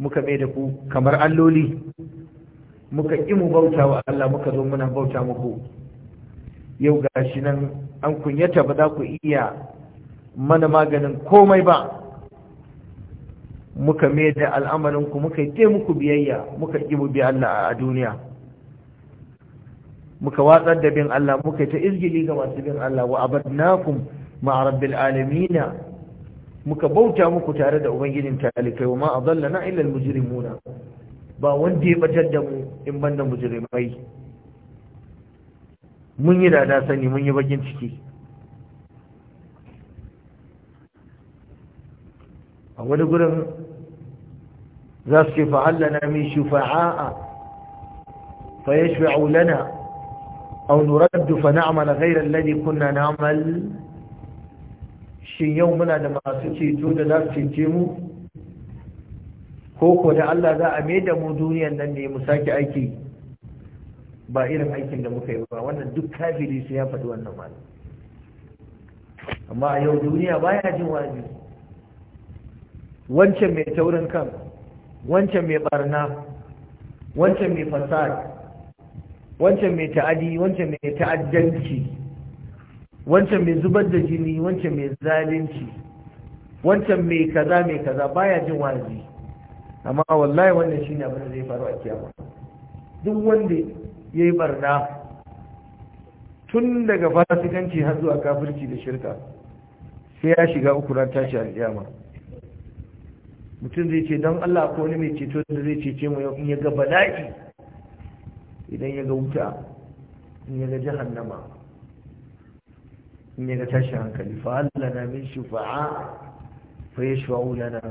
muka mai da ku kamar alloli muka ƙi mu bauta wa Allah muka zo muna bauta muku yau gashi nan an kunyata ba za ku iya mana maganin komai ba muka mai da al'amarinku muka yi muku biyayya muka mu bi Allah a duniya muka watsar da bin Allah muka ta izgili ga masu bin Allah wa abadnakum ma'a rabbil alamina muka bauta muku tare da ubangijin talikai wa ma adallana illa almujrimuna ba wanda ya batar da mu in banda mujrimai mun yi da sani mun yi bakin ciki a wani gudun za su ce na mai shufa'a fa yashfa'u lana aw nuraddu fa na'amala ghayra alladhi kunna na'amal shin yau muna da masu ceto da za su cece mu ko ko da Allah za a da mu duniyan nan ne mu sake aiki ba irin aikin da muka yi ba wannan duk kafiri sai ya faɗi wannan malam amma a yau duniya baya jin wa'azi wancan mai taurin kan wancan mai barna wancan mai fasad wancan mai ta'adi wancan mai ta'addanci wancan mai zubar da jini wancan mai zalunci wancan mai kaza mai kaza baya jin wazi amma wallahi wannan shine abin da zai faru a kiyama duk wanda ya yi barna tun daga fasikanci har zuwa kafirci da shirka sai ya shiga uku ran tashi alkiyama mutum zai ce don Allah ko wani mai ceto da zai cece mu in ya ga bala'i idan ya ga wuta in ya ga jahannama in ya ga tashi hankali fa Allah na min shufa'a fa ya yashfa'u lana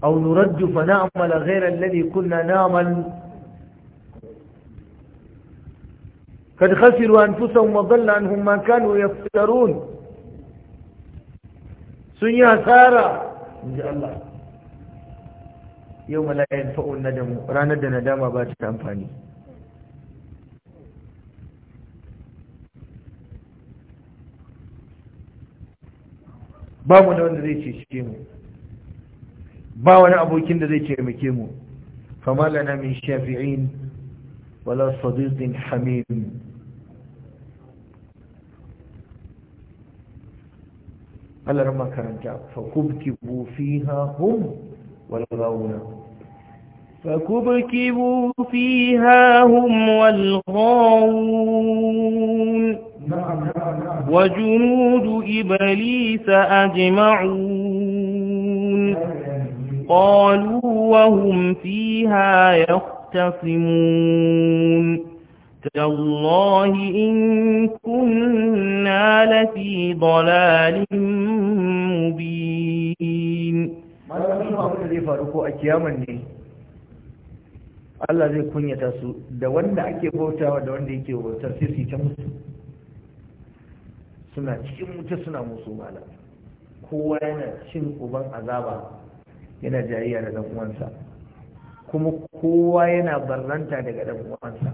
aw nuraddu fa na'mal ghayra alladhi kunna na'mal قد خسروا أنفسهم وضل عنهم ما sun yi hasara in ji Allah yau malayin fa'un nadamu ranar da nadama ba ta amfani ba mu da wanda zai cece mu ba wani abokin da zai taimake mu fama lana min shafi'in wala sadiqin hamim Allah rama karanta fa kubkibu fiha hum والغون فكبكبوا فيها هم والغاون نعم، نعم، نعم. وجنود إبليس أجمعون قالوا وهم فيها يختصمون تالله إن كنا لفي ضلال مبين malamin abin zai faru ko a kiyaman ne Allah zai kunyata su da wanda ake bautawa da wanda yake bautar sai su yi ta musu suna cikin wuta suna musu mala kowa yana cin uban azaba yana jayayya da uwansa kuma kowa yana barranta daga dan uwansa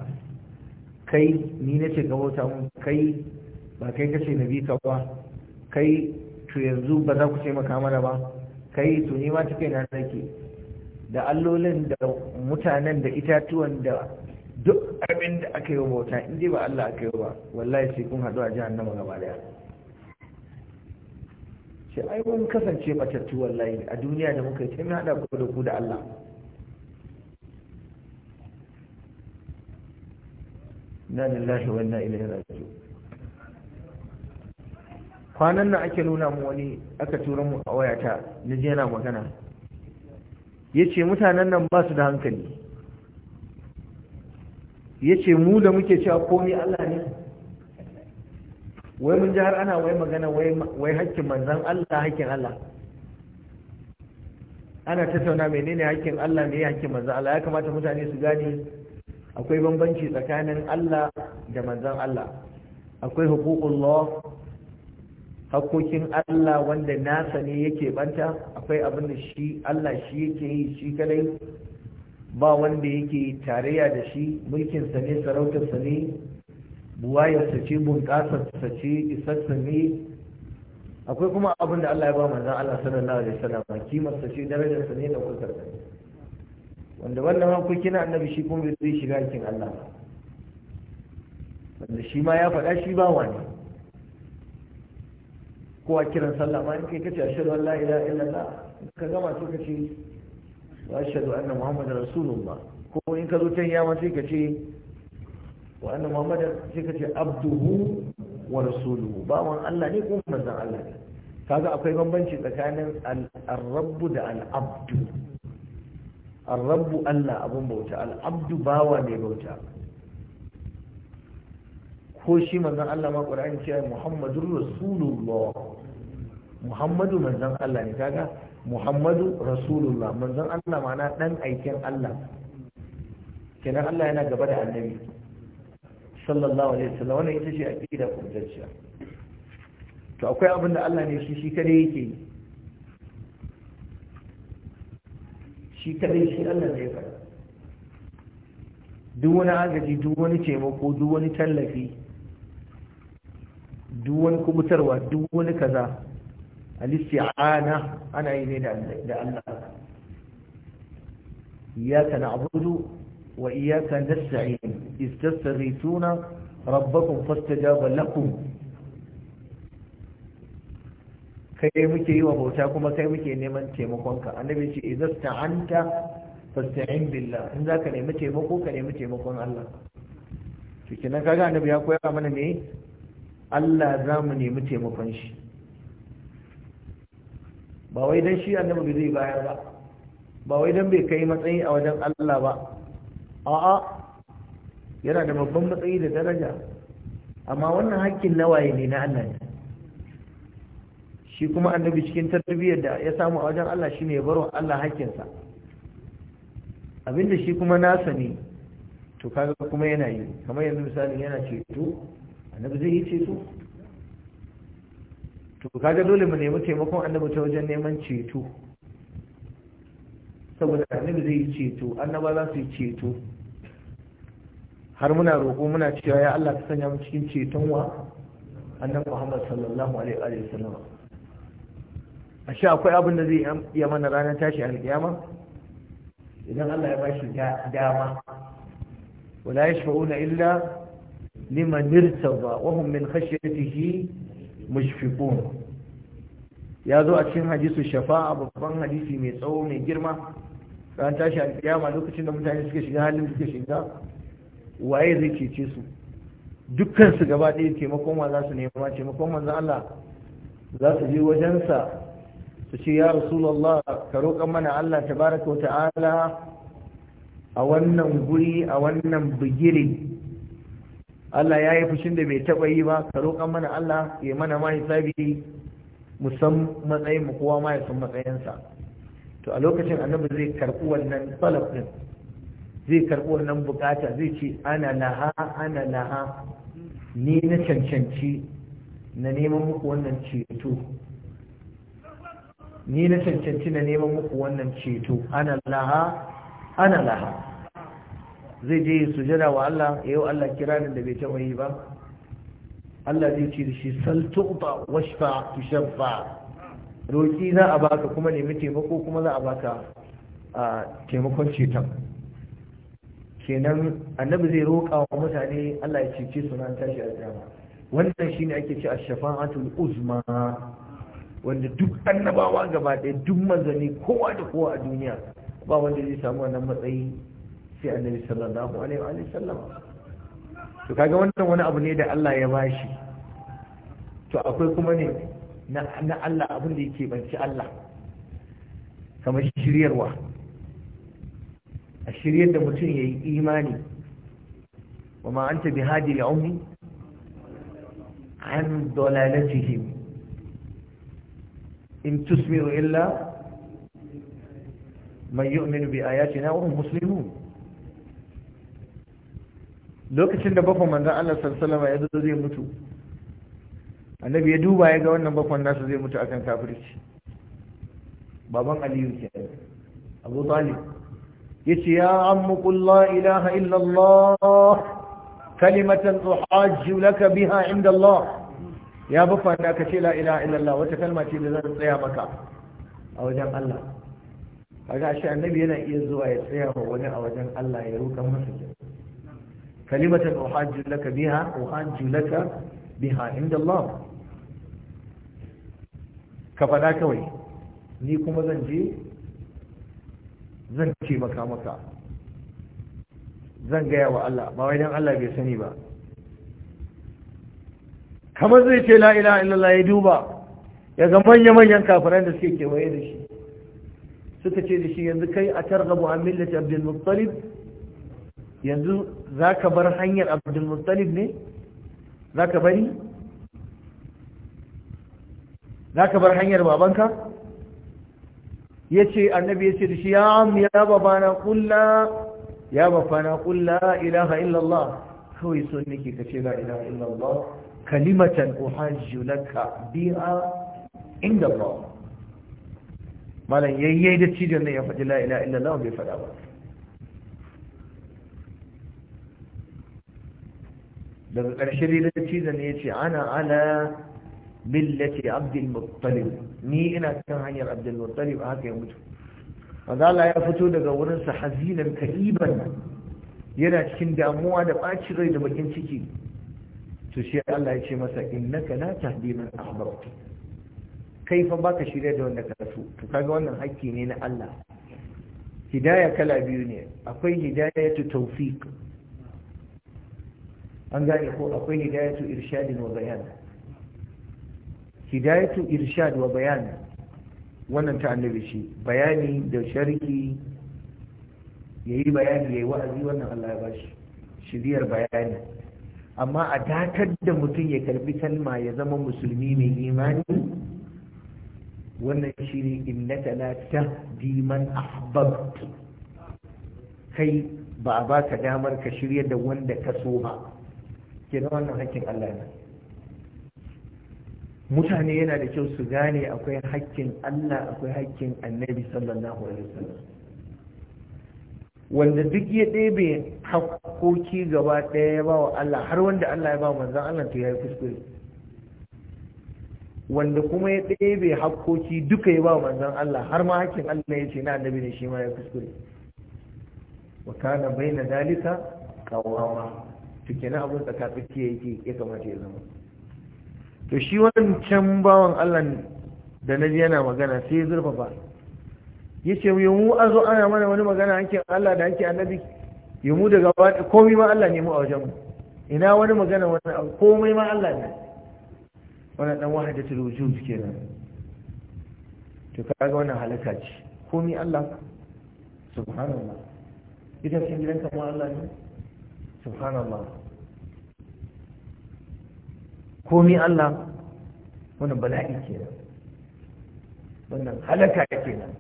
kai ni na ce ka bauta mun kai ba kai kace na bi ka ba kai to yanzu ba za ku ce makamara mana ba kai to ni ma ta kaina nake da allolin da mutanen da itatuwan da duk abin da aka yi wa bauta in ba Allah aka yi ba wallahi sai kun haɗu a jahannama gaba daya ce ai mun kasance matattu wallahi a duniya da muka yi ta mun haɗa ku da ku da Allah na lillahi wa inna ilaihi raji'un kwanan nan ake nuna mu wani aka tura mu a wayata na je yana magana ya ce mutanen nan ba su da hankali ya ce mu da muke cewa komai Allah ne wai mun ji har ana wai magana wai hakkin manzan Allah hakkin Allah ana tattauna menene hakkin Allah ne hakkin manzan Allah ya kamata mutane su gane akwai bambanci tsakanin Allah da manzan Allah akwai hukukun law hakokin Allah wanda nasa ne yake banta akwai abin da shi Allah shi yake yi shi kadai ba wanda yake tarayya da shi mulkin sa ne sarautar sa ne buwayarsa ce bunƙasarsa ce sa ne akwai kuma abin da Allah ya ba manzon Allah sallallahu alaihi wasallam kimarsa ce sa ne da kusurta wanda wannan hakoki na annabi shi kuma zai shiga cikin Allah wanda shi ma ya faɗa shi ba wani kowa kiran sallah ma in kai kace ashhadu an la ilaha illallah ka gama sai ka ce wa ashhadu anna muhammadar rasulullah ko in ka zo can yama sai ka ce wa anna muhammadar sai ka ce abduhu wa rasuluhu ba bawan Allah ne kuma manzon Allah ne kaga akwai bambanci tsakanin al-rabbu da al-abdu al-rabbu Allah abun bauta al-abdu bawa ne bauta ko shi manzon Allah ma Qur'ani ce Muhammadur Rasulullah muhammadu manzon Allah ne kaga muhammadu rasulullah manzon Allah ma'ana dan aikin Allah kenan Allah yana gaba da annabi sallallahu alaihi wasallam wannan ita ce aqida kubdacciya to akwai abin da Allah ne shi shi kare yake shi kare shi Allah ne ya duk wani agaji duk wani taimako duk wani tallafi duk wani kubutarwa duk wani kaza al-isti'ana ana yi ne da Allah iyyaka na'budu wa iyyaka nasta'in istastaghithuna rabbakum fastajaba lakum kai muke yi wa bauta kuma kai muke neman taimakonka annabi ce idan ta'anta fasta'in billah in zaka nemi taimako ka nemi taimakon Allah to kenan kaga annabi ya koya mana ne Allah za mu nemi taimakon shi ba wai dan shi annabi zai bayar ba ba wai dan bai kai matsayi a wajen Allah ba a'a yana da babban matsayi da daraja amma wannan hakkin nawaye ne na Allah ne shi kuma annabi cikin tarbiyyar da ya samu a wajen Allah shine ya baro Allah hakkinsa abinda shi kuma nasa ne to kaga kuma yana yi kamar yanzu misali yana ceto annabi zai yi ceto to kaga dole mu nemi taimakon annabi ta wajen neman ceto saboda annabi zai yi ceto annaba za su yi ceto har muna roƙo muna cewa ya Allah ka sanya mu cikin ceton wa annabi Muhammad sallallahu alaihi wa sallam a sha akwai abin da zai iya mana ranar tashi alƙiyama idan Allah ya bashi dama wala yashfa'una illa liman irtada wa hum min khashyatihi mushfiqun ya zo a cikin hadisu shafa'a babban hadisi mai tsawo mai girma ran tashi a alkiyama lokacin da mutane suke shiga halin suke shiga waye zai cece su dukkan su gaba ɗaya taimakon wa za su nema taimakon manzo Allah za su je wajensa su ce ya rasulullah ka roƙa mana Allah tabaraka wa ta'ala a wannan guri a wannan bigire Allah ya yi fushin da bai taɓa yi ba ka roƙan mana Allah ya mana ma hisabi mu san matsayin mu kowa ma ya san matsayinsa to a lokacin annabi zai karɓi wannan salaf din zai karɓi wannan bukata zai ce ana laha ana laha ni na cancanci na neman muku wannan ceto ni na cancanci na neman muku wannan ceto ana laha ana laha zai je su sujada wa Allah ya Allah kiranin da bai taɓa yi ba Allah zai ce da shi sal tuqta washfa tushaffa roki za a baka kuma nemi taimako kuma za a baka a taimakon ceton kenan annabi zai roka wa mutane Allah ya cece su nan tashi alƙiyama wannan shine ake ce ash-shafa'atul uzma wanda duk annabawa gaba ɗaya duk manzanni kowa da kowa a duniya ba wanda zai samu wannan matsayi sai annabi sallallahu alaihi wa sallam to kaga wannan wani abu ne da Allah ya bashi to akwai kuma ne na Allah abin da yake banci Allah kamar shiryarwa a shiryar da mutum ya yi imani wa ma anta bi hadi al-ummi an dalalatihim in tusmi'u illa man yu'minu bi ayatina wa hum muslimun lokacin da bakon manzan Allah sallallahu ya zo zai mutu annabi ya duba ya ga wannan bakon nasa zai mutu akan kafirci baban aliyu ke abu talib ya ce ya ammu kulla ilaha illallah kalimatan tuhajju laka biha inda Allah ya bafa da ka ce la ilaha illallah wata kalma ce da zan tsaya maka a wajen Allah kaga shi annabi yana iya zuwa ya tsaya wa wani a wajen Allah ya roƙa masa kalimatan uhajju laka biha uhajju laka biha inda Allah ka faɗa kawai ni kuma zan je zan ce maka zan gaya wa Allah ba wai Allah bai sani ba kamar zai ce la ilaha illallah ya duba ya manya-manyan kafiran da suke kewaye da shi suka ce da shi yanzu kai a targabu an millata abdul yanzu za ka bar hanyar abdulmuttalib ne za ka bari za ka bar hanyar babanka ya ce annabi ya ce da shi ya am ya babana kulla ya babana kulla ilaha illallah kawai so nake ka ce la ilaha illallah kalimatan uhajju laka biha inda Allah malam yayyai da cijin ne ya faɗi la ilaha illallah bai faɗa ba daga ƙarshe dai da cizon ya ce ana ala billati abdulmuttalib ni ina kan hanyar abdulmuttalib a haka ya mutu mazala ya fito daga wurin sa hazinan kaiban yana cikin damuwa da ɓaci rai da bakin ciki to shi Allah ya ce masa innaka la tahdi man kai fa baka shirya da wanda ka so to kaga wannan hakki ne na Allah hidaya kala biyu ne akwai hidayatu tawfiq an gane ko akwai hidayatu irshadin wa bayan hidayatu irshad wa bayan wannan ta annabi shi bayani da sharki yayi bayani yayi wa'azi wannan Allah ya bashi shiriyar bayani amma a dakar da mutum ya karbi kalma ya zama musulmi mai imani wannan shi ne innaka la tahdi man kai ba a baka damar ka shirya da wanda ka so ba kenan wannan hakkin Allah ne mutane yana da kyau su gane akwai hakkin Allah akwai hakkin annabi sallallahu alaihi wasallam wanda duk ya ɗebe hakkoki gaba ɗaya ya ba wa Allah har wanda Allah ya ba wa manzan Allah to ya yi kuskure wanda kuma ya ɗebe hakkoki duka ya ba manzan Allah har ma hakkin Allah ya ce na annabi ne shi ma ya kuskure wa kana na dalika qawama to kenan abun tsaka tsakiya yake ya kamata ya zama to shi wancan bawan Allah da na yana magana sai ya zurfafa ce mu a zo ana mana wani magana hankin Allah da hankin annabi yamu daga komai ma Allah ne mu a wajen mu ina wani magana wani abu komai ma Allah ne wannan dan wahadatul suke nan. to kaga wannan halaka ce komai Allah subhanallah ita kin gidan ma Allah ne subhanallah komi Allah wannan bala'i kenan wannan halaka kenan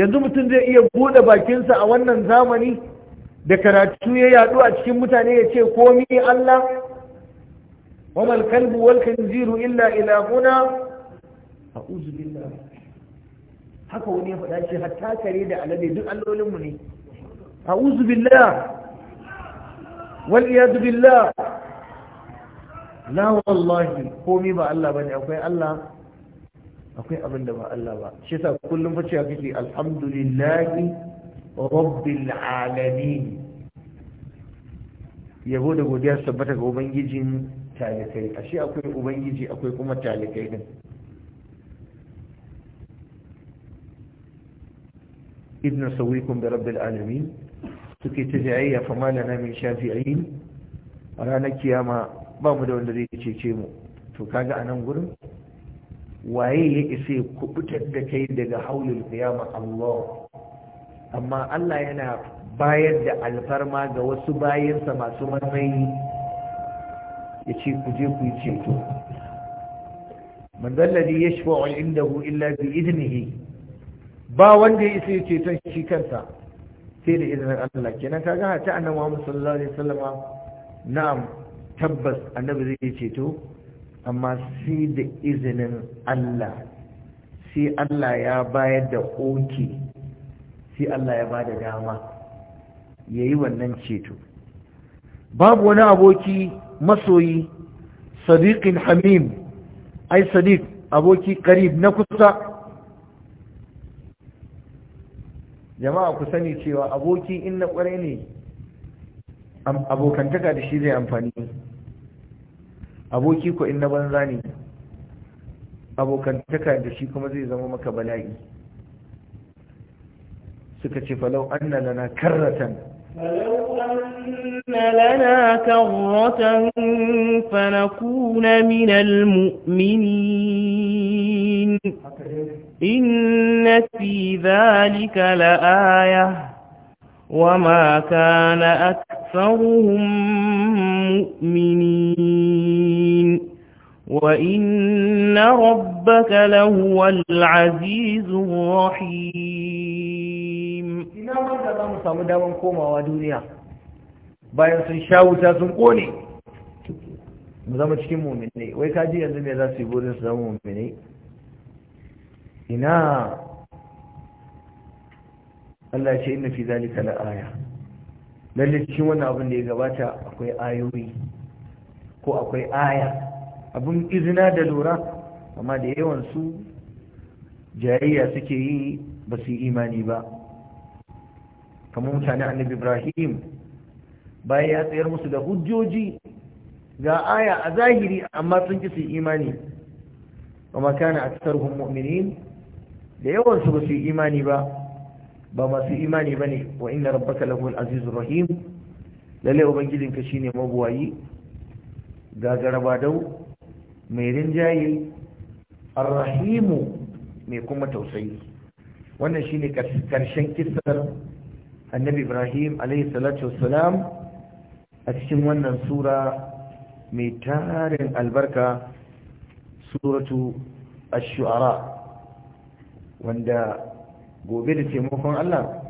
yanzu mutum zai iya bude bakinsa a wannan zamani da karatu ya yadu a cikin mutane ya ce komi Allah wamal kalbu wal khinziru illa ilahuna a'udhu billah haka wani ya faɗa ce hatta kare da alade duk allolinmu ne a'udhu billah والعياذ بالله لا والله قومي با الله بني akwai Allah akwai abin ba Allah ba shi kullum fa cewa kake alhamdulillahi rabbil alamin yabo da godiya sabbata ga ubangijin talikai ashe akwai ubangiji akwai kuma talikai din ibn sawikum bi rabbil alamin suke ta jayayya fa malana min shafi'in a ranar kiyama ba mu da wanda zai cece mu to kaga a nan gurin waye ya isa ya kubutar da kai daga haulin kiyama Allah amma Allah yana bayar da alfarma ga wasu bayansa masu matsayi ya ce ku je ku yi ceto man ya shafa'u hu illa bi idnihi ba wanda ya isa ya ceton shi kansa sai da izinin Allah kenan kaga hata annabi Muhammad sallallahu alaihi wasallam na'am tabbas annabi zai ceto amma sai da izinin Allah sai Allah ya bayar da oki sai Allah ya bada dama yayi wannan ceto babu wani aboki masoyi sadiqin hamim ai sadiq aboki karib na kusa jama'a ku sani cewa aboki in na kwarai ne abokantaka da shi zai amfani aboki ko in na banza ne abokantaka da shi kuma zai zama maka bala'i suka ce falau na lana karratan فلو أن Fana كرة فنكون من إن في ذلك لآية وما كان أكثرهم مؤمنين وإن ربك لهو العزيز الرحيم إنا من تقام صمدا ونقوم ودنيا bayan sun sha wuta sun kone mu zama cikin muminai wai kaji yanzu me za su yi burin su zama muminai ina Allah ya ce inna fi zalika la aya lalle cikin wannan abin da ya gabata akwai ayoyi ko akwai aya abin izina da lura amma da yawan su jayayya suke yi ba su yi imani ba kamar mutane annabi ibrahim bayan ya tsayar musu da hujjoji ga aya a zahiri amma sun ki su imani wa makana aksaruhum mu'minin da yawan su ba su imani ba ba masu imani ba ne wa inna rabbaka lahul azizur rahim lalle ubangijinka shine mabuwayi gagaraba dau mai rinjaye arrahimu mai kuma tausayi wannan shine karshen kisar annabi ibrahim alayhi salatu wassalam a cikin wannan sura mai tarin albarka suratu ash-shu'ara wanda gobe da taimakon Allah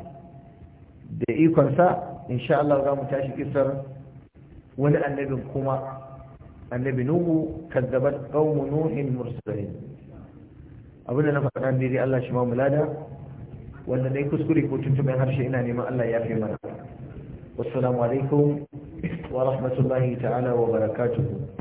da ikonsa insha Allah za mu tashi kisar wani annabin kuma annabi nuhu kazzabat qaumu nuhin mursalin abin da na faɗa dai Allah shi ma mulada wanda dai kuskure ko tuntuɓen harshe ina neman Allah ya fi mana wassalamu alaikum wa rahmatullahi ta'ala wa barakatuhu